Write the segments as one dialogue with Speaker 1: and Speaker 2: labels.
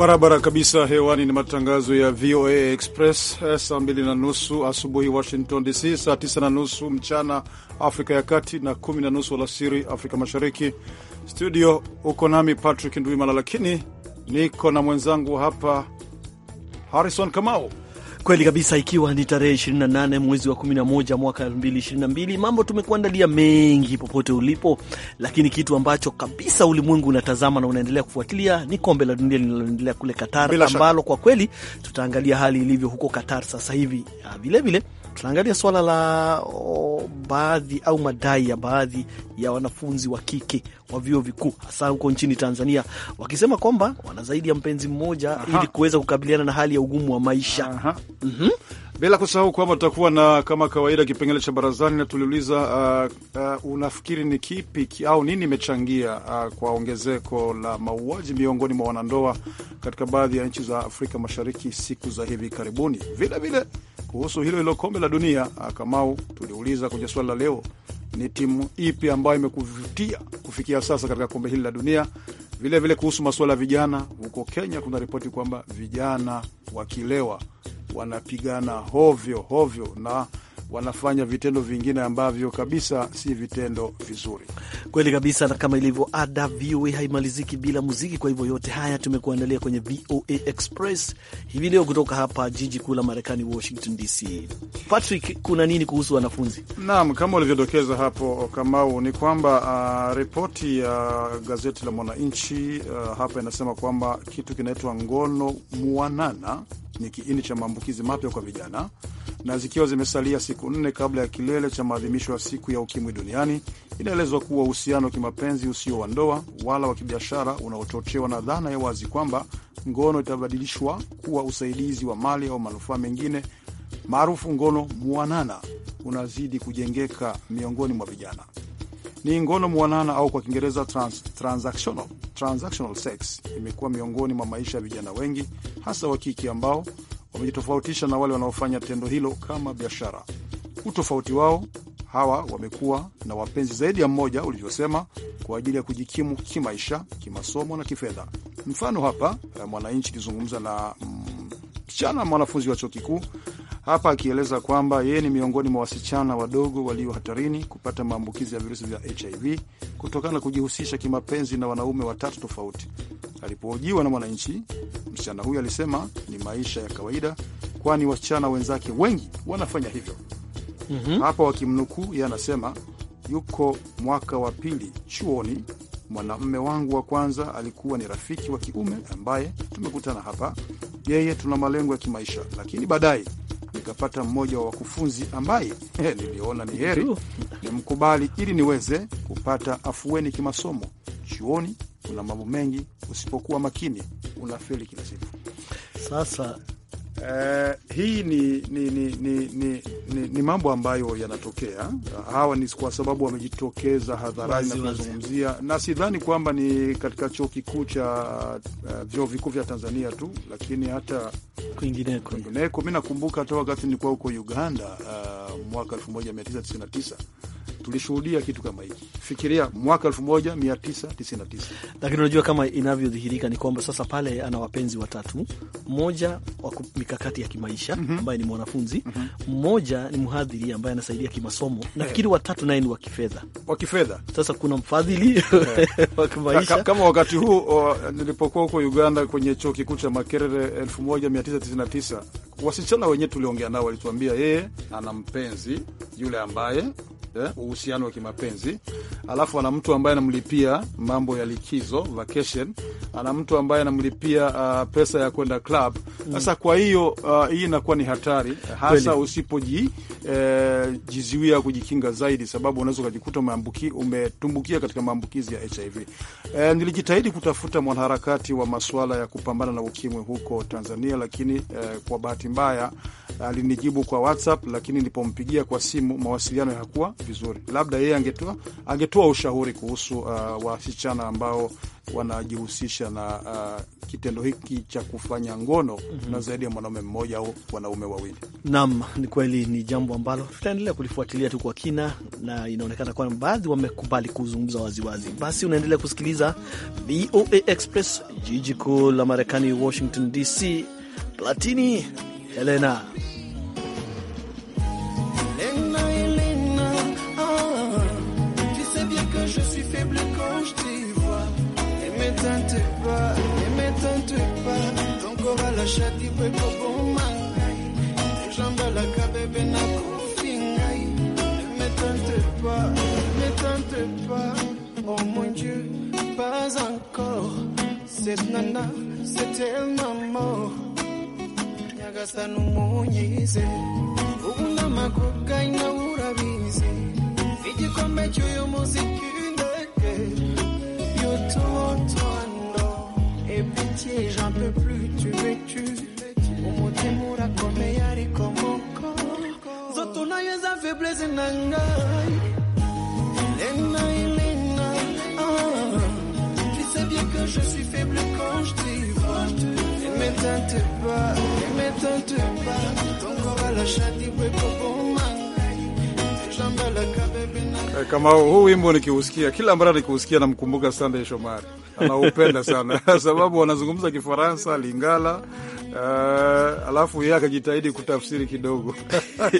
Speaker 1: Barabara kabisa hewani ni matangazo ya VOA Express eh, saa mbili na nusu asubuhi Washington DC, saa tisa na nusu mchana Afrika ya Kati na kumi na nusu alasiri Afrika Mashariki. Studio uko nami Patrick Ndwimana, lakini niko na mwenzangu hapa Harrison Kamau.
Speaker 2: Kweli kabisa, ikiwa ni tarehe 28 mwezi wa 11 mwaka 2022, mambo tumekuandalia mengi popote ulipo, lakini kitu ambacho kabisa ulimwengu unatazama na unaendelea kufuatilia ni kombe la dunia linaloendelea kule Qatar, ambalo kwa kweli tutaangalia hali ilivyo huko Qatar sasa hivi vilevile ah, tunaangalia swala la o, baadhi au madai ya baadhi ya wanafunzi wa kike wa vyuo vikuu hasa huko nchini Tanzania, wakisema kwamba wana zaidi ya mpenzi mmoja Aha. ili kuweza kukabiliana na hali ya ugumu wa maisha
Speaker 1: mm -hmm bila kusahau kwamba tutakuwa na kama kawaida kipengele cha barazani na tuliuliza, uh, uh, unafikiri ni kipi au nini imechangia uh, kwa ongezeko la mauaji miongoni mwa wanandoa katika baadhi ya nchi za Afrika Mashariki siku za hivi karibuni. Vilevile kuhusu hilo hilo kombe la dunia uh, Kamau, tuliuliza kwenye swali la leo, ni timu ipi ambayo imekuvutia kufikia sasa katika kombe hili la dunia? Vilevile vile kuhusu masuala ya vijana huko Kenya, kuna ripoti kwamba vijana wakilewa wanapigana hovyo hovyo na wanafanya vitendo vingine ambavyo kabisa si vitendo vizuri. Kweli kabisa, na kama ilivyo ada,
Speaker 2: VOA haimaliziki bila muziki. Kwa hivyo yote haya tumekuandalia kwenye VOA Express hivi leo, kutoka hapa jiji kuu la Marekani, Washington DC. Patrick, kuna nini kuhusu wanafunzi?
Speaker 1: Naam, kama ulivyodokeza hapo Kamau, ni kwamba uh, ripoti ya uh, gazeti la Mwananchi uh, hapa inasema kwamba kitu kinaitwa ngono mwanana ni kiini cha maambukizi mapya kwa vijana, na zikiwa zimesalia siku nne kabla ya kilele cha maadhimisho ya siku ya ukimwi duniani, inaelezwa kuwa uhusiano wa kimapenzi usio wa ndoa wala wa kibiashara unaochochewa na dhana ya wazi kwamba ngono itabadilishwa kuwa usaidizi wa mali au manufaa mengine maarufu ngono mwanana unazidi kujengeka miongoni mwa vijana. Ni ngono mwanana au kwa Kiingereza trans, transactional, transactional sex imekuwa miongoni mwa maisha ya vijana wengi, hasa wa kike ambao wamejitofautisha na wale wanaofanya tendo hilo kama biashara. Utofauti wao hawa wamekuwa na wapenzi zaidi ya mmoja, ulivyosema, kwa ajili ya kujikimu kimaisha, kimasomo na kifedha. Mfano hapa eh, Mwananchi ilizungumza na msichana mm, mwanafunzi wa chuo kikuu hapa akieleza kwamba yeye ni miongoni mwa wasichana wadogo walio hatarini kupata maambukizi ya virusi vya HIV kutokana na kujihusisha kimapenzi na wanaume watatu tofauti. Alipohojiwa na Mwananchi, msichana huyo alisema ni maisha ya kawaida, kwani wasichana wenzake wengi wanafanya hivyo. mm -hmm. Hapa wakimnukuu, yeye anasema yuko mwaka wa pili chuoni Mwanamme wangu wa kwanza alikuwa ni rafiki wa kiume ambaye tumekutana hapa. Yeye tuna malengo ya kimaisha, lakini baadaye nikapata mmoja wa wakufunzi ambaye eh, niliona ni heri nimkubali ili niweze kupata afueni kimasomo. Chuoni kuna mambo mengi, usipokuwa makini unafeli kila siku. Sasa Uh, hii ni ni, ni, ni, ni, ni, ni mambo ambayo yanatokea. Hawa ni kwa sababu wamejitokeza hadharani na kuzungumzia, na sidhani kwamba ni katika chuo kikuu cha uh, vyuo vikuu vya Tanzania tu, lakini hata kwingineko. mi nakumbuka hata wakati nilikuwa huko Uganda uh, mwaka 1999 tulishuhudia kitu kama hiki, fikiria mwaka 1999.
Speaker 2: Lakini unajua kama inavyodhihirika ni kwamba sasa pale ana wapenzi watatu, mmoja wa mikakati ya kimaisha mm -hmm. ambaye ni mwanafunzi mm -hmm. mmoja ni mhadhiri ambaye anasaidia kimasomo yeah. nafikiri watatu naye ni wa kifedha, wa kifedha. Sasa kuna mfadhili yeah. wa kimaisha
Speaker 1: kama wakati huu nilipokuwa huko Uganda kwenye chuo kikuu cha Makerere 1999 wasichana wenyewe tuliongea nao walituambia yeye ana mpenzi yule ambaye Eh, uhusiano wa kimapenzi, alafu ana mtu ambaye anamlipia mambo ya likizo vacation, ana mtu ambaye anamlipia uh, pesa ya kwenda club. Mm. Sasa kwa hiyo uh, hii inakuwa ni hatari hasa usipojizuia eh, kujikinga zaidi, sababu unaweza ukajikuta umetumbukia katika maambukizi ya HIV. Eh, nilijitahidi kutafuta mwanaharakati wa masuala ya kupambana na ukimwi huko Tanzania, lakini eh, kwa bahati mbaya alinijibu kwa WhatsApp, lakini nilipompigia kwa simu mawasiliano hayakuwa vizuri. Labda yeye angetoa angetoa ushauri kuhusu uh, wasichana ambao wanajihusisha na uh, kitendo hiki cha kufanya ngono mm -hmm. na zaidi ya mwanaume mmoja au wanaume wawili.
Speaker 2: Naam, ni kweli, ni jambo ambalo tutaendelea kulifuatilia tu kwa kina, na inaonekana kwamba baadhi wamekubali kuzungumza waziwazi. Basi unaendelea kusikiliza VOA Express, jiji kuu la Marekani, Washington DC. Platini Helena
Speaker 3: cette nana, c'est tellement elle maman. nyagasani umunyize ubu n'amagubwa nawe urabizi igikombe cy'uyu muziki ndeke Et epitiye j'en peux plus tu me tues umutima urakomeye ariko moko zo tunayo za faiblesse nangaye que je suis faible quand je t'y vois. Ne m'éteinte pas, ne m'éteinte pas. Ton corps à la chatte, il bon mal.
Speaker 1: Eh, kama huu wimbo nikiusikia, kila mara nikiusikia namkumbuka Sunday Shomari, anaupenda sana sababu wanazungumza Kifaransa, Lingala Uh, alafu yeye akajitahidi kutafsiri kidogo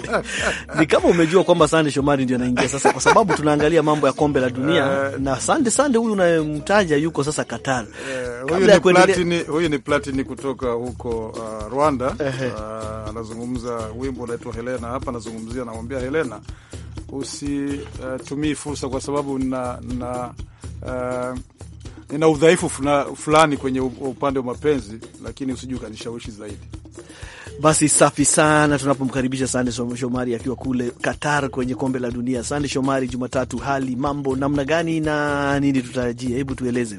Speaker 2: ni kama umejua kwamba Sande Shomari ndio anaingia sasa, kwa sababu tunaangalia mambo ya kombe la dunia uh, na Sande Sande huyu unayemtaja yuko sasa Qatar. Uh, huyu, ni platini,
Speaker 1: huyu ni platini kutoka huko uh, Rwanda uh, anazungumza wimbo unaitwa Helena. Hapa anazungumzia, anamwambia Helena usitumii uh, fursa kwa sababu na, na uh, nina udhaifu fulani kwenye upande wa mapenzi, lakini usijui kanishawishi zaidi.
Speaker 2: Basi safi sana, tunapomkaribisha Sande Shomari akiwa kule Qatar kwenye kombe la dunia. Sande Shomari, Jumatatu, hali mambo namna gani na nini tutarajia? Hebu tueleze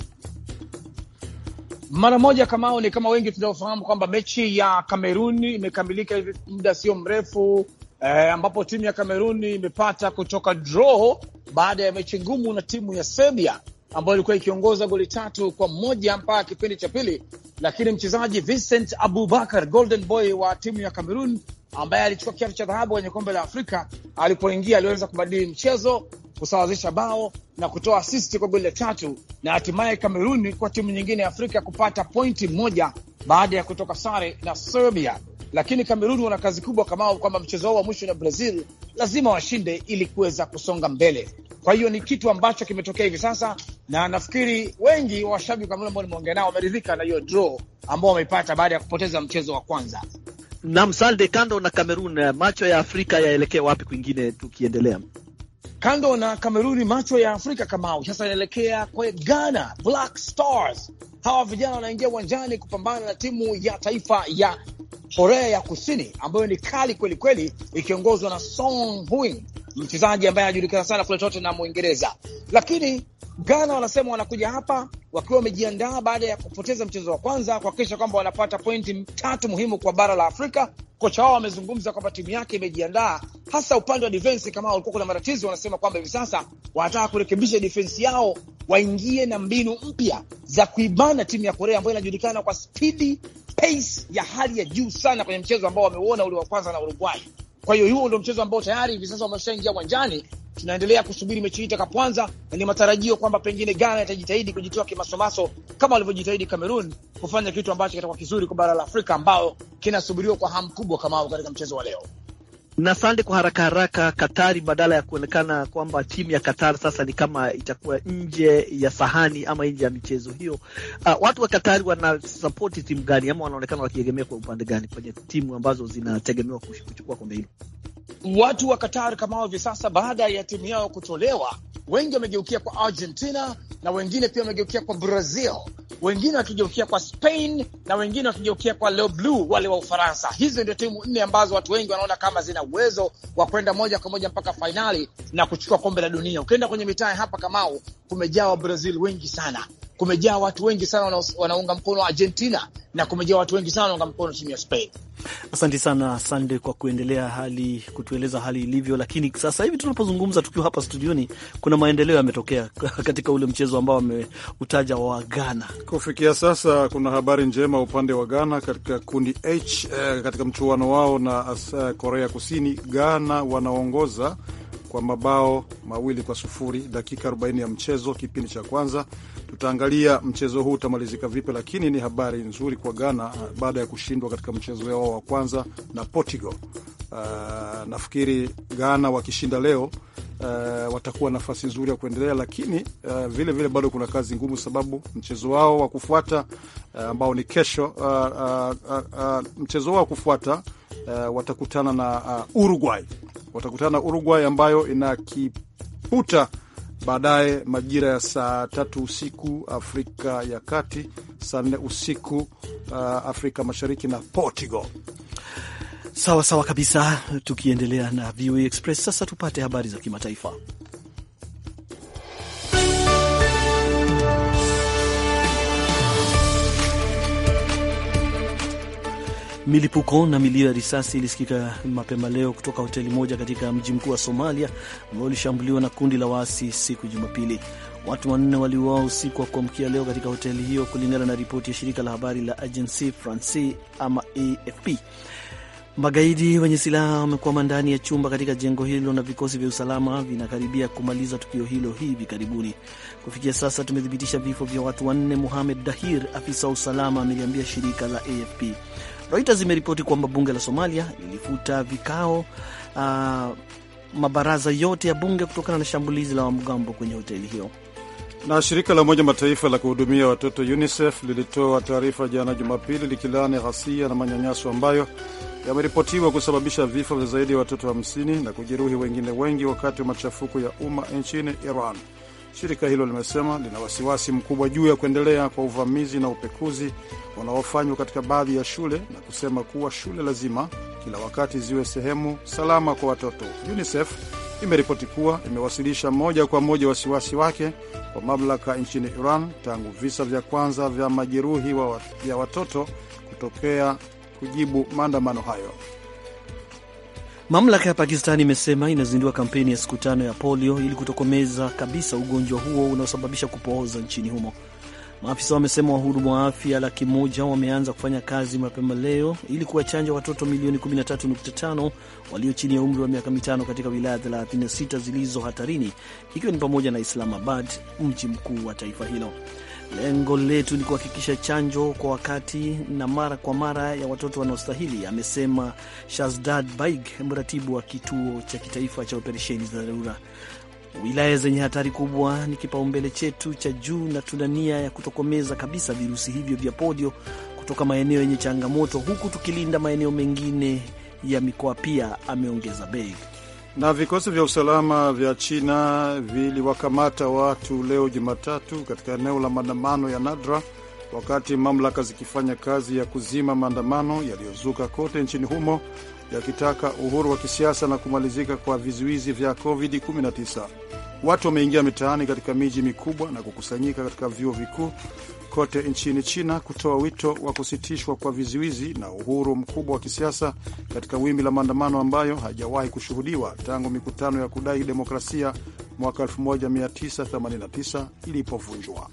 Speaker 4: mara moja. Kamao ni kama wengi tunaofahamu kwamba mechi ya Kameruni imekamilika hivi muda sio mrefu eh, ambapo timu ya Kameruni imepata kutoka draw baada ya mechi ngumu na timu ya Serbia ambayo ilikuwa ikiongoza goli tatu kwa moja mpaka kipindi cha pili, lakini mchezaji Vincent Abubakar, golden boy wa timu ya Cameroon, ambaye alichukua kiatu cha dhahabu kwenye kombe la Afrika, alipoingia aliweza kubadili mchezo, kusawazisha bao na kutoa asisti kwa goli la tatu, na hatimaye Cameroon kwa timu nyingine ya Afrika kupata pointi moja baada ya kutoka sare na Serbia. Lakini Kamerun wana kazi kubwa, Kamao, kwamba mchezo wao wa mwisho na Brazil lazima washinde ili kuweza kusonga mbele. Kwa hiyo ni kitu ambacho kimetokea hivi sasa, na nafikiri wengi wa washabiki ambao nimeongea nao wameridhika na hiyo draw ambao wameipata baada ya kupoteza mchezo wa kwanza.
Speaker 2: Nam salde, kando na Kamerun, eh, macho ya Afrika yaelekea wapi kwingine tukiendelea?
Speaker 4: Kando na Kameruni, macho ya Afrika au sasa yanaelekea kwa Ghana. Black Stars hawa vijana wanaingia uwanjani kupambana na timu ya taifa ya Korea ya Kusini ambayo ni kali kweli kweli, ikiongozwa na Son Hui, mchezaji ambaye anajulikana sana kule tote na Mwingereza. Lakini Ghana wanasema wanakuja hapa wakiwa wamejiandaa baada ya kupoteza mchezo wa kwanza kuhakikisha kwamba wanapata pointi tatu muhimu kwa bara la Afrika. Kocha wao wamezungumza kwamba timu yake imejiandaa hasa upande wa defense, kama walikuwa kuna matatizo, wanasema kwamba hivi sasa wanataka kurekebisha defense yao, waingie na mbinu mpya za kuibana timu ya Korea ambayo inajulikana kwa spidi pace ya hali ya juu sana kwenye mchezo ambao wameuona ule wa kwanza na Uruguay. Kwa hiyo huo ndio mchezo ambao tayari hivi sasa wameshaingia uwanjani. Tunaendelea kusubiri mechi hii itakapoanza, na ni matarajio kwamba pengine Ghana itajitahidi kujitoa kimasomaso kama walivyojitahidi Cameroon, kufanya kitu ambacho kitakuwa kizuri kwa bara la Afrika, ambao kinasubiriwa kwa hamu kubwa, kama katika mchezo wa leo
Speaker 2: na sande. Kwa haraka haraka, Katari badala ya kuonekana kwamba timu ya katari sasa ni kama itakuwa nje ya sahani ama nje ya michezo hiyo, uh, watu wa Katari wanasapoti timu gani ama wanaonekana wakiegemea kwa upande gani
Speaker 4: kwenye timu ambazo zinategemewa kuchukua kombe hilo? Watu wa katari kama hivi sasa, baada ya timu yao kutolewa, wengi wamegeukia kwa Argentina na wengine pia wamegeukia kwa Brazil, wengine wakigeukia kwa Spain na wengine wakigeukia kwa Le Bleu wale wa Ufaransa. Hizo ndio timu nne ambazo watu wengi wanaona kama zina uwezo wa kwenda moja kwa moja mpaka fainali na kuchukua kombe la dunia. Ukienda kwenye mitaa hapa Kamau, kumejaa Wabrazil wengi sana, kumejaa watu wengi sana wanaunga mkono Argentina na kumejaa watu wengi sana wanaunga mkono timu ya Spain.
Speaker 2: Asante sana Sande kwa kuendelea hali kutueleza hali ilivyo. Lakini sasa hivi tunapozungumza tukiwa hapa studioni, kuna maendeleo yametokea katika ule mchezo ambao ameutaja wa Ghana.
Speaker 1: Kufikia sasa kuna habari njema upande wa Ghana katika kundi H, eh, katika mchuano wao na eh, Korea Kusini. Ghana wanaongoza kwa mabao mawili kwa sufuri dakika 40 ya mchezo, kipindi cha kwanza. Tutaangalia mchezo huu utamalizika vipi, lakini ni habari nzuri kwa Ghana uh, baada ya kushindwa katika mchezo wao wa kwanza na Portugal. Uh, nafikiri Ghana wakishinda leo Uh, watakuwa nafasi nzuri ya kuendelea, lakini uh, vile vile bado kuna kazi ngumu, sababu mchezo wao wa kufuata uh, ambao ni kesho uh, uh, uh, uh, mchezo wao wa kufuata uh, watakutana na uh, Uruguay watakutana na Uruguay ambayo inakiputa baadaye majira ya saa tatu usiku Afrika ya Kati, saa nne usiku uh, Afrika Mashariki na Portugal.
Speaker 2: Sawa sawa kabisa, tukiendelea na VOA e Express sasa tupate habari za kimataifa. Milipuko na milio ya risasi ilisikika mapema leo kutoka hoteli moja katika mji mkuu wa Somalia ambao ulishambuliwa na kundi la waasi siku Jumapili. Watu wanne waliuawa usiku wa kuamkia leo katika hoteli hiyo, kulingana na ripoti ya shirika la habari la Agence France ama AFP. Magaidi wenye silaha wamekwama ndani ya chumba katika jengo hilo na vikosi vya usalama vinakaribia kumaliza tukio hilo hivi karibuni. Kufikia sasa tumethibitisha vifo vya watu wanne, Muhamed Dahir, afisa wa usalama, ameliambia shirika la AFP. Reuters imeripoti kwamba bunge la Somalia lilifuta vikao uh, mabaraza yote ya bunge kutokana na shambulizi la wamgambo kwenye hoteli hiyo.
Speaker 1: Na shirika la Umoja Mataifa la kuhudumia watoto UNICEF lilitoa taarifa jana Jumapili likilaani ghasia na manyanyaso ambayo yameripotiwa kusababisha vifo vya zaidi ya watoto 50 na kujeruhi wengine wengi wakati wa machafuko ya umma nchini Iran. Shirika hilo limesema lina wasiwasi mkubwa juu ya kuendelea kwa uvamizi na upekuzi unaofanywa katika baadhi ya shule na kusema kuwa shule lazima kila wakati ziwe sehemu salama kwa watoto. UNICEF imeripoti kuwa imewasilisha moja kwa moja wasiwasi wake kwa mamlaka nchini Iran tangu visa vya kwanza vya majeruhi wa ya watoto kutokea kujibu maandamano hayo.
Speaker 2: Mamlaka ya Pakistani imesema inazindua kampeni ya siku tano ya polio ili kutokomeza kabisa ugonjwa huo unaosababisha kupooza nchini humo. Maafisa wamesema wahudumu wa afya laki moja wameanza kufanya kazi mapema leo ili kuwachanja watoto milioni 13.5 walio chini ya umri wa miaka mitano katika wilaya 36 zilizo hatarini, ikiwa ni pamoja na Islamabad, mji mkuu wa taifa hilo. Lengo letu ni kuhakikisha chanjo kwa wakati na mara kwa mara ya watoto wanaostahili, amesema Shazdad Baig, mratibu wa kituo cha kitaifa cha operesheni za dharura. Wilaya zenye hatari kubwa ni kipaumbele chetu cha juu, na tuna nia ya kutokomeza kabisa virusi hivyo vya polio kutoka maeneo yenye changamoto, huku tukilinda maeneo mengine ya mikoa pia, ameongeza Baig.
Speaker 1: Na vikosi vya usalama vya China viliwakamata watu leo Jumatatu katika eneo la maandamano ya Nadra wakati mamlaka zikifanya kazi ya kuzima maandamano yaliyozuka kote nchini humo yakitaka uhuru wa kisiasa na kumalizika kwa vizuizi vya COVID-19. Watu wameingia mitaani katika miji mikubwa na kukusanyika katika vyuo vikuu kote nchini China kutoa wito wa kusitishwa kwa vizuizi na uhuru mkubwa wa kisiasa katika wimbi la maandamano ambayo hajawahi kushuhudiwa tangu mikutano ya kudai demokrasia mwaka 1989 ilipovunjwa.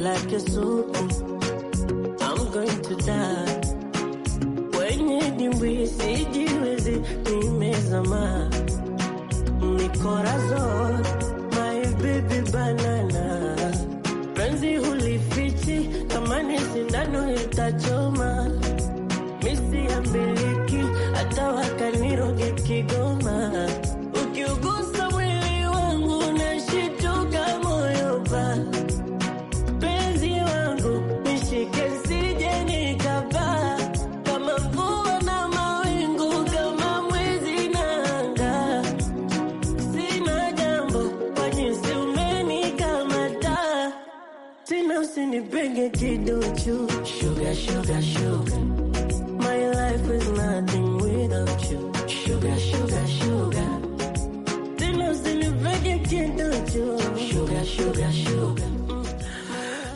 Speaker 5: like a soup kiduchu sugar, sugar, sugar. My life is nothing without you sugar, sugar, sugar. Tena kiduchu sugar, sugar, sugar.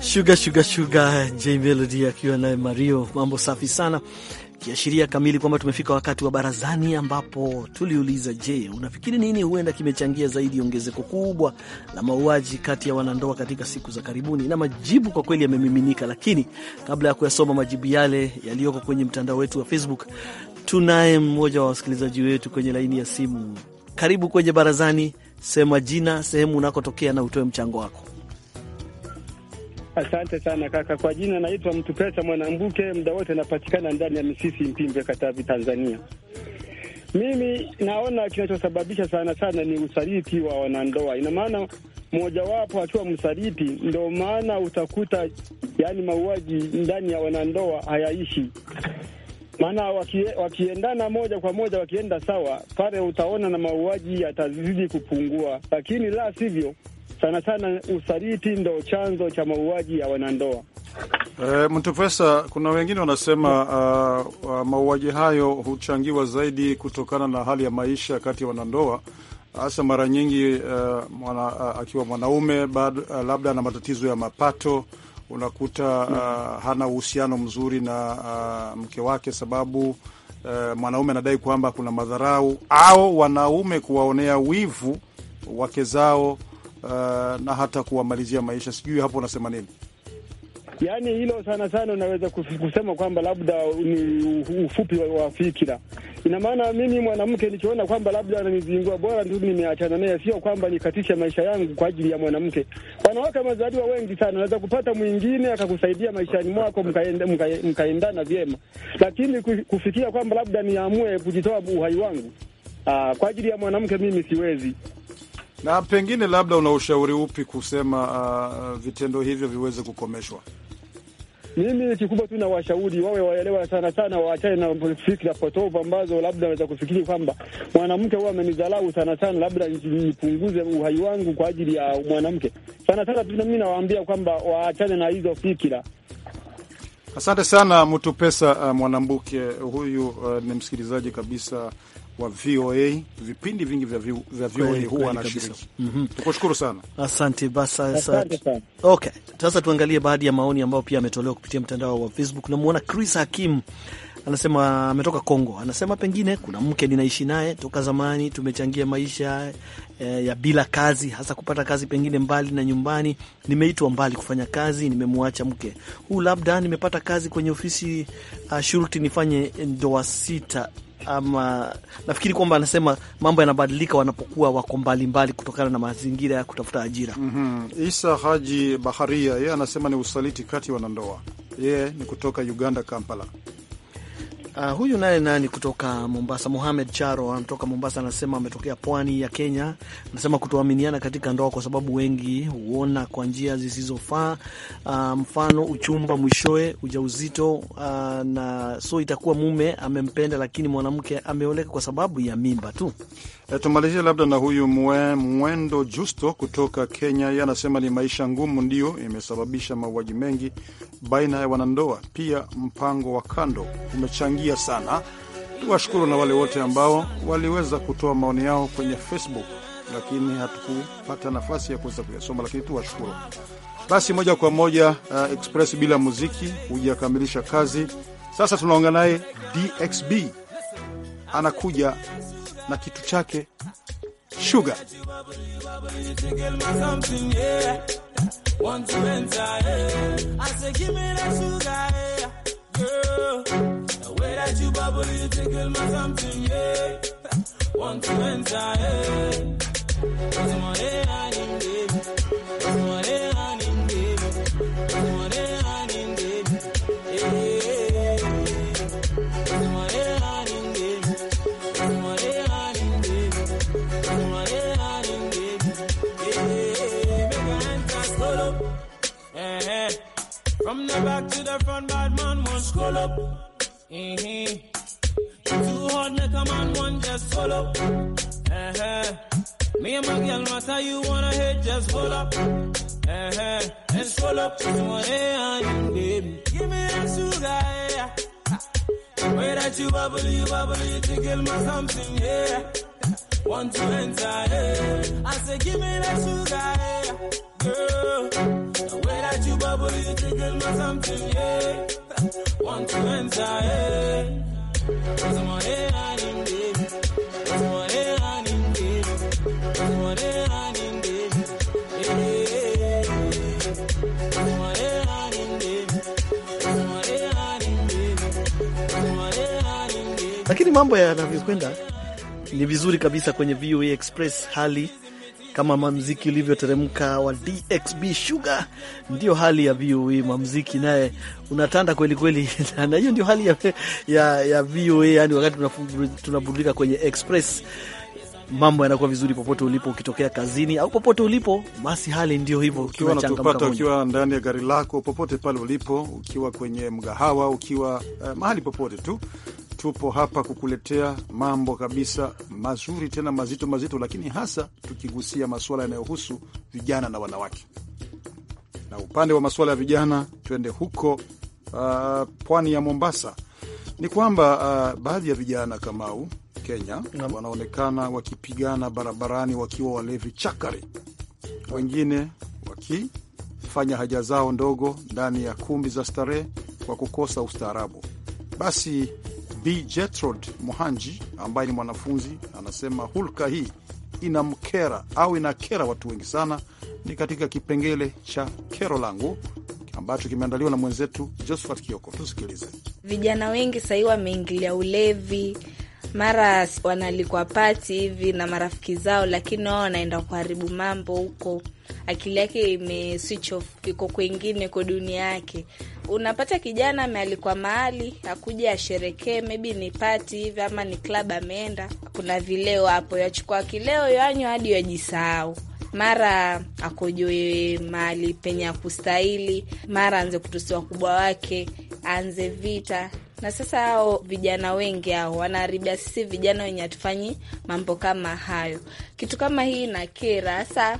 Speaker 2: Shuga shuga shuga, J Melody akiwa naye Mario, mambo safi sana kiashiria kamili kwamba tumefika wakati wa barazani, ambapo tuliuliza, je, unafikiri nini huenda kimechangia zaidi ongezeko kubwa la mauaji kati ya wanandoa katika siku za karibuni? Na majibu kwa kweli yamemiminika, lakini kabla ya kuyasoma majibu yale yaliyoko kwenye mtandao wetu wa Facebook, tunaye mmoja wa wasikilizaji wetu kwenye laini ya simu. Karibu kwenye barazani, sema jina, sehemu unakotokea na utoe mchango wako.
Speaker 6: Asante sana kaka. Kwa jina naitwa Mtu Pesa Mwanambuke, muda wote anapatikana ndani ya Misisi Mpimbe, Katavi, Tanzania. Mimi naona kinachosababisha sana sana ni usaliti wa wanandoa. Ina maana mmojawapo akiwa msaliti, ndio maana utakuta yani mauaji ndani ya wanandoa hayaishi, maana wakie, wakiendana moja kwa moja, wakienda sawa pale, utaona na mauaji yatazidi kupungua, lakini la sivyo sana sana usaliti ndo chanzo cha mauaji ya wanandoa.
Speaker 1: E, eh, Mtofesa, kuna wengine wanasema uh, uh, mauaji hayo huchangiwa zaidi kutokana na hali ya maisha kati ya wanandoa, hasa mara nyingi uh, mwana, uh, akiwa mwanaume bad, uh, labda ana matatizo ya mapato unakuta uh, hana uhusiano mzuri na uh, mke wake, sababu uh, mwanaume anadai kwamba kuna madharau au wanaume kuwaonea wivu wake zao uh, na hata kuwamalizia maisha. Sijui hapo unasema nini? Yaani hilo sana sana unaweza kusema kwamba labda ni ufupi
Speaker 6: wa fikira. Ina maana mimi mwanamke nikiona kwamba labda ananizingua, bora tu nimeachana naye, sio kwamba nikatisha maisha yangu kwa ajili ya mwanamke. Wanawake wamezaliwa wengi sana, unaweza kupata mwingine akakusaidia maishani mwako, mkaenda mkaendana vyema, lakini kufikia
Speaker 1: kwamba labda niamue kujitoa uhai wangu aa, ah, kwa ajili ya mwanamke, mimi siwezi. Na pengine labda una ushauri upi kusema uh, uh vitendo hivyo viweze kukomeshwa?
Speaker 6: Mimi kikubwa tu na washauri wawe waelewa sana sana, waachane na fikra potovu ambazo labda naweza kufikiri kwamba mwanamke huwa amenidharau sana sana, labda nipunguze uhai wangu kwa ajili ya mwanamke. Sana sana mimi nawaambia kwamba waachane na
Speaker 1: hizo fikira. Asante sana Mtu Pesa uh, Mwanambuke huyu uh, ni msikilizaji kabisa wa VOA. Vipindi vingi vya, vya VOA huwa anashiriki. mm Tukushukuru sana,
Speaker 2: asante. Basi sasa, okay, sasa tuangalie baadhi ya maoni ambayo pia ametolewa kupitia mtandao wa Facebook. Namwona Chris Hakim anasema ametoka Kongo, anasema pengine kuna mke ninaishi naye toka zamani, tumechangia maisha e, ya bila kazi, hasa kupata kazi pengine mbali na nyumbani. Nimeitwa mbali kufanya kazi, nimemwacha mke huu, labda nimepata kazi kwenye ofisi uh, shurti nifanye ndoa sita ama nafikiri kwamba anasema mambo yanabadilika wanapokuwa wako mbalimbali kutokana na mazingira ya kutafuta
Speaker 1: ajira. mm -hmm. Isa Haji Baharia yeye anasema ni usaliti kati wanandoa. Yeye ni kutoka Uganda, Kampala. Uh, huyu naye
Speaker 2: nani kutoka Mombasa, Mohamed Charo anatoka ah, Mombasa, anasema ametokea pwani ya Kenya. Anasema kutoaminiana katika ndoa kwa sababu wengi huona kwa njia zisizofaa, uh, mfano uchumba, mwishowe ujauzito, uh, na so itakuwa mume amempenda,
Speaker 1: lakini mwanamke ameoleka kwa sababu ya mimba tu. E, tumalizie labda na huyu mwe, Mwendo Justo kutoka Kenya. Yeye anasema ni maisha ngumu ndiyo imesababisha mauaji mengi baina ya wanandoa. Pia mpango wa KANDO umechangia sana. Tuwashukuru na wale wote ambao waliweza kutoa maoni yao kwenye Facebook, lakini hatukupata nafasi ya kuweza kuyasoma, lakini tuwashukuru basi. Moja kwa moja, uh, Express bila muziki hujakamilisha kazi. Sasa tunaongea naye DXB anakuja na kitu chake Sugar.
Speaker 7: Eh, eh. From the back to the front, bad man won't scroll up. Mm-hmm. Eh, eh. Too hard, make a man one just scroll up. Eh, eh, Me and my girl, master, you wanna hit, just hold up. Eh, And scroll up to someone, and baby. Give me that sugar, yeah. Way that you bubble, you bubble, you tickle my something, yeah. Want to enter, yeah. I say, give me that sugar, yeah.
Speaker 2: Lakini mambo yanavyokwenda ni vizuri kabisa kwenye VOA Express hali kama mamziki ulivyoteremka wa DXB Sugar, ndio hali ya VOA. Mamziki naye unatanda kweli kweli, na hiyo ndio hali ya, ya, ya VOA. Yani wakati tunaburudika kwenye Express, mambo yanakuwa vizuri popote ulipo, ukitokea kazini au popote ulipo, basi hali ndio hivyo. Ukiwa unatupata ukiwa
Speaker 1: ndani ya gari lako, popote pale ulipo, ukiwa kwenye mgahawa, ukiwa uh, mahali popote tu tupo hapa kukuletea mambo kabisa mazuri tena mazito mazito, lakini hasa tukigusia masuala yanayohusu vijana na wanawake. Na upande wa masuala ya vijana, tuende huko uh, pwani ya Mombasa. Ni kwamba uh, baadhi ya vijana Kamau, Kenya mm. wanaonekana wakipigana barabarani wakiwa walevi chakari, wengine wakifanya haja zao ndogo ndani ya kumbi za starehe kwa kukosa ustaarabu. Basi B Jetrod Mohanji ambaye ni mwanafunzi anasema hulka hii inamkera au inakera watu wengi sana. Ni katika kipengele cha kero langu ambacho kimeandaliwa na mwenzetu Josephat Kioko. Tusikilize.
Speaker 8: Vijana wengi sahii wameingilia ulevi mara wanalikwa pati hivi na marafiki zao, lakini wao wanaenda kuharibu mambo huko. Akili yake ime switch off, iko kwengine kwa dunia yake. Unapata kijana amealikwa mahali akuja asherekee, maybe ni pati hivi ama ni klab, ameenda kuna vileo hapo, yachukua kileo yanywa hadi yajisahau mara akojoe mahali penye akustahili, mara anze kutusiwa kubwa wake, aanze vita na sasa hao vijana wengi hao wanaharibia sisi vijana wenye hatufanyi mambo kama hayo. Kitu kama hii na kera hasa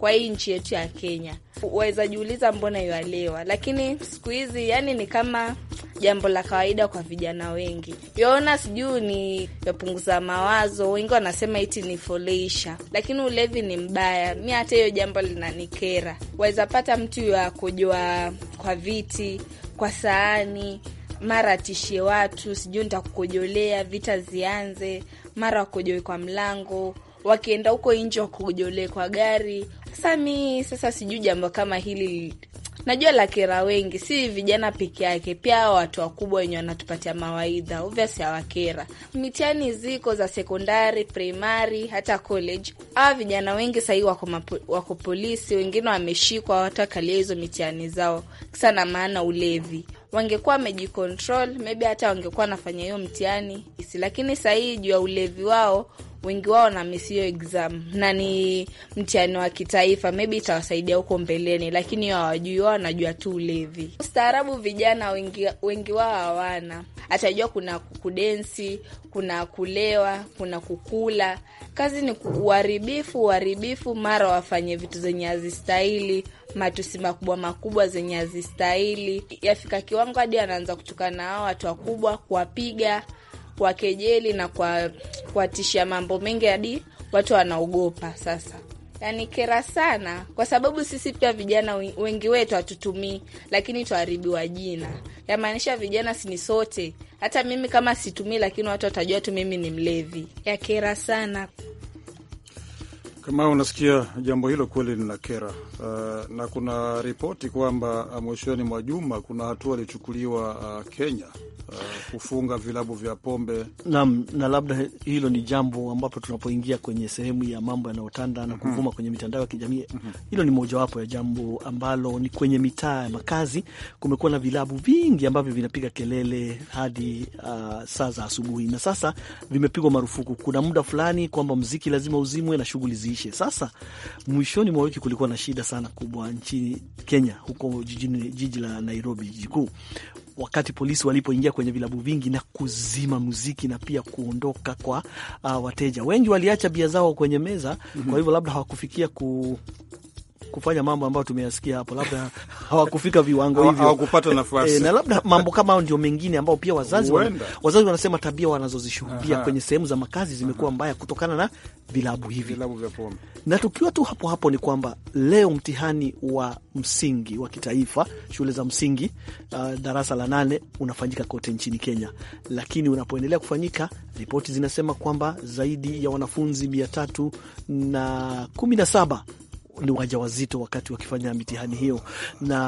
Speaker 8: kwa hii nchi yetu ya Kenya. Waweza jiuliza mbona yualewa, lakini siku hizi yani ni kama jambo la kawaida kwa vijana wengi. Yaona sijui ni yapunguza mawazo, wengi wanasema iti ni foleisha, lakini ulevi ni mbaya. Mi hata hiyo jambo linanikera. Waweza pata mtu yakujwa kwa viti, kwa saani mara atishie watu, sijui nitakukojolea, vita zianze, mara wakojoe kwa mlango, wakienda huko nje wakojolee kwa gari. Sasa mi sasa sijui jambo kama hili najua la kera wengi, si vijana peke yake, pia watu wakubwa wenye wanatupatia mawaidha obviously hawakera. Mitihani ziko za sekondari, primari, hata college. Hawa vijana wengi sahii wako, wako polisi, wengine wameshikwa watakalia hizo mitihani zao sana, maana ulevi wangekuwa wamejicontrol, maybe hata wangekuwa wanafanya hiyo mtihani isi, lakini sahii juu ya ulevi wao wengi wao na miss hiyo exam na ni mtihani wa kitaifa, maybe itawasaidia huko mbeleni, lakini hawajui wao, wanajua tu ulevi. Ustaarabu vijana wengi, wengi wao hawana, atajua kuna kudensi, kuna kulewa, kuna kukula. Kazi ni uharibifu, uharibifu, mara wafanye vitu zenye hazistahili matusi makubwa makubwa zenye hazistahili. Yafika kiwango hadi anaanza kutukana nao watu wakubwa, kuwapiga kejeli na kuwatishia mambo mengi hadi watu wanaogopa sasa. Yani kera sana, kwa sababu sisi pia vijana wengi wetu hatutumii, lakini twaharibiwa jina. Yamaanisha vijana sini sote, hata mimi kama situmii, lakini watu watajua tu mimi ni mlevi. Ya kera sana.
Speaker 1: Kama unasikia jambo hilo kweli ni kera. Uh, na kuna ripoti kwamba uh, mwishoni mwa juma kuna hatua ilichukuliwa uh, Kenya uh, kufunga vilabu vya pombe
Speaker 2: nam, na labda hilo ni jambo ambapo tunapoingia kwenye sehemu ya mambo yanayotanda na mm -hmm. kuvuma kwenye mitandao ya kijamii mm -hmm. hilo ni mojawapo ya jambo ambalo ni kwenye mitaa ya makazi, kumekuwa na vilabu vingi ambavyo vinapiga kelele hadi uh, saa za asubuhi, na sasa vimepigwa marufuku. Kuna muda fulani kwamba mziki lazima uzimwe na shughuli lishe. Sasa mwishoni mwa wiki kulikuwa na shida sana kubwa nchini Kenya, huko jijini, jiji la Nairobi, jiji kuu, wakati polisi walipoingia kwenye vilabu vingi na kuzima muziki na pia kuondoka kwa uh, wateja wengi. Waliacha bia zao kwenye meza, kwa mhm. hivyo labda hawakufikia ku kufanya mambo ambayo tumeyasikia hapo, labda hawakufika viwango hivyo, hawakupata nafasi e, na labda mambo kama hayo ndio mengine ambao pia wazazi wana, wazazi wanasema tabia wanazozishuhudia kwenye sehemu za makazi zimekuwa mbaya kutokana na vilabu hivi, vilabu vya pombe. Na tukiwa tu hapo hapo, ni kwamba leo mtihani wa msingi wa kitaifa shule za msingi uh, darasa la nane unafanyika kote nchini Kenya, lakini unapoendelea kufanyika, ripoti zinasema kwamba zaidi ya wanafunzi mia tatu na kumi na saba ni waja wazito wakati wakifanya mitihani hiyo, na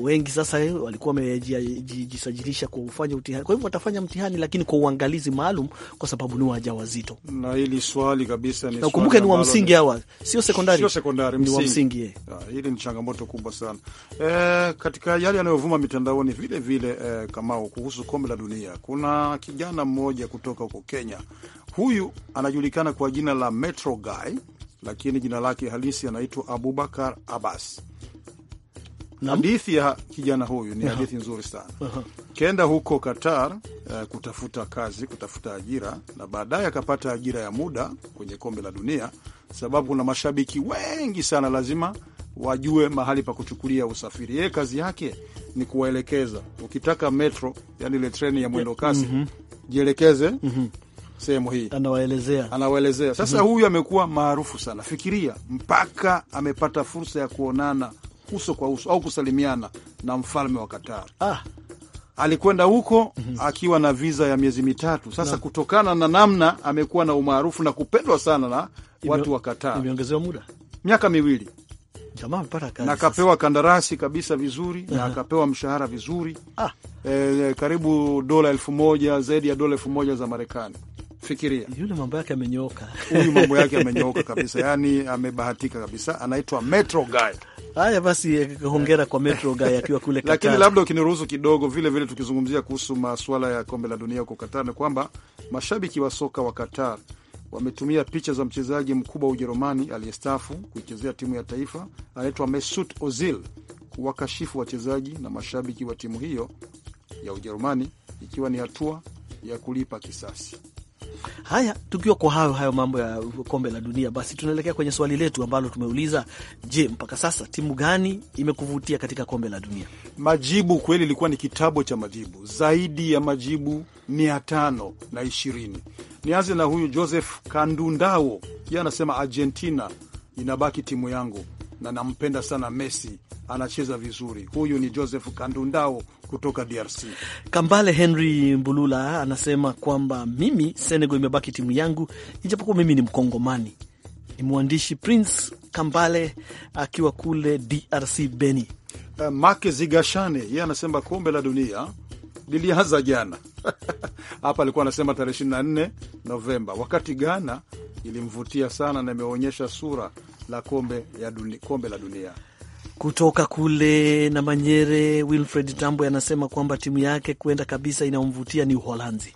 Speaker 2: wengi sasa walikuwa wamejisajilisha kufanya mtihani. Kwa hivyo watafanya mtihani, lakini kwa uangalizi maalum, kwa sababu ni wajawazito.
Speaker 1: Na hili swali kabisa ni na ukumbuke, ni wa msingi hawa, sio sekondari, sio sekondari, ni wa msingi. Eh. Ah, hili ni changamoto kubwa sana e, katika yale yanayovuma mitandaoni vile vile e, eh, kama kuhusu kombe la dunia, kuna kijana mmoja kutoka huko Kenya. Huyu anajulikana kwa jina la Metro Guy lakini jina lake halisi anaitwa Abubakar Abbas. Hadithi ya kijana huyu ni hadithi nzuri sana. Kenda huko Qatar uh, kutafuta kazi, kutafuta ajira, na baadaye akapata ajira ya muda kwenye kombe la dunia, sababu kuna mashabiki wengi sana, lazima wajue mahali pa kuchukulia usafiri. Yeye kazi yake ni kuwaelekeza, ukitaka metro, yani ile treni ya mwendo kasi, mhm. jielekeze mhm sehemu hii anawaelezea, anawaelezea sasa. mm -hmm. Huyu amekuwa maarufu sana, fikiria mpaka amepata fursa ya kuonana uso kwa uso au kusalimiana na mfalme wa Qatar. ah. Alikwenda huko mm -hmm. akiwa na viza ya miezi mitatu sasa na. Kutokana na namna amekuwa na umaarufu na kupendwa sana na watu wa Qatar, imeongezewa muda miaka miwili na akapewa kandarasi kabisa vizuri na akapewa mshahara vizuri ah. E, karibu dola elfu moja zaidi ya dola elfu moja za Marekani. Fikiria
Speaker 2: yule mambo yake amenyooka, huyu mambo yake amenyooka kabisa,
Speaker 1: yani amebahatika kabisa, anaitwa Metro Guy. Haya basi, hongera kwa Metro Guy akiwa kule Katar. Lakini labda ukiniruhusu kidogo, vile vile tukizungumzia kuhusu masuala ya kombe la dunia huko Katar, ni kwamba mashabiki wa soka wa Katar wametumia picha za mchezaji mkubwa wa Ujerumani aliyestaafu kuichezea timu ya taifa anaitwa Mesut Ozil kuwakashifu wachezaji na mashabiki wa timu hiyo ya Ujerumani, ikiwa ni hatua ya kulipa kisasi.
Speaker 2: Haya, tukiwa kwa hayo hayo mambo ya kombe la dunia, basi tunaelekea kwenye swali letu ambalo tumeuliza: Je, mpaka sasa timu gani imekuvutia katika kombe la dunia?
Speaker 1: Majibu kweli ilikuwa ni kitabu cha majibu, zaidi ya majibu mia tano na ishirini. Nianze na huyu Joseph Kandundao, yeye anasema Argentina inabaki timu yangu na nampenda sana Messi anacheza vizuri. Huyu ni Joseph Kandundao kutoka DRC.
Speaker 2: Kambale Henry Mbulula anasema kwamba mimi, Senegal imebaki timu yangu, ijapokuwa mimi ni Mkongomani. Ni mwandishi Prince Kambale akiwa
Speaker 1: kule DRC, Beni. Uh, Make Zigashane yeye anasema kombe la dunia lilianza jana hapa alikuwa anasema tarehe 24 Novemba, wakati Ghana ilimvutia sana na imeonyesha sura la kombe, ya duni, kombe la dunia
Speaker 2: kutoka kule na Manyere, Wilfred Tambwe anasema kwamba timu yake kwenda kabisa inayomvutia ni Uholanzi.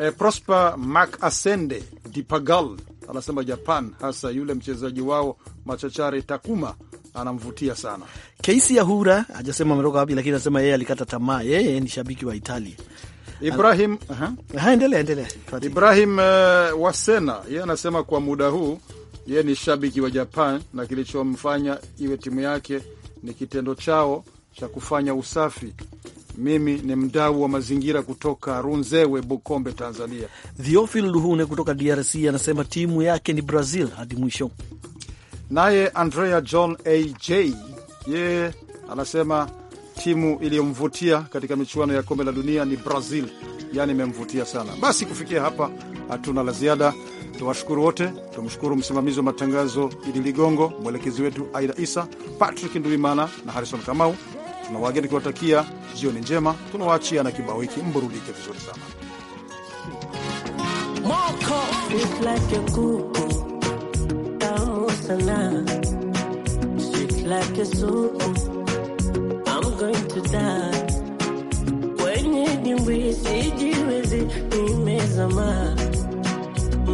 Speaker 1: E, Prosper Mac Asende Dipagal anasema Japan, hasa yule mchezaji wao machachari Takuma anamvutia sana. Keisi ya Hura hajasema ametoka wapi, lakini
Speaker 2: anasema yeye alikata tamaa, yeye ni shabiki wa Italia. Ibrahim uh -huh. endelea endelea.
Speaker 1: Ibrahim uh, Wasena yeye anasema kwa muda huu yeye ni shabiki wa Japan na kilichomfanya iwe timu yake ni kitendo chao cha kufanya usafi. Mimi ni mdau wa mazingira kutoka Runzewe, Bukombe, Tanzania.
Speaker 2: Theofil Luhune kutoka DRC anasema timu yake ni Brazil hadi mwisho.
Speaker 1: Naye Andrea John aj yeye anasema timu iliyomvutia katika michuano ya kombe la dunia ni Brazil, yaani imemvutia sana. Basi kufikia hapa hatuna la ziada. Tuwashukuru wote, tumshukuru msimamizi wa matangazo Idi Ligongo, mwelekezi wetu Aida Isa, Patrick Nduimana na Harrison Kamau. Tuna wageni kuwatakia jioni njema, tunawaachia na kibao hiki, mburudike vizuri sana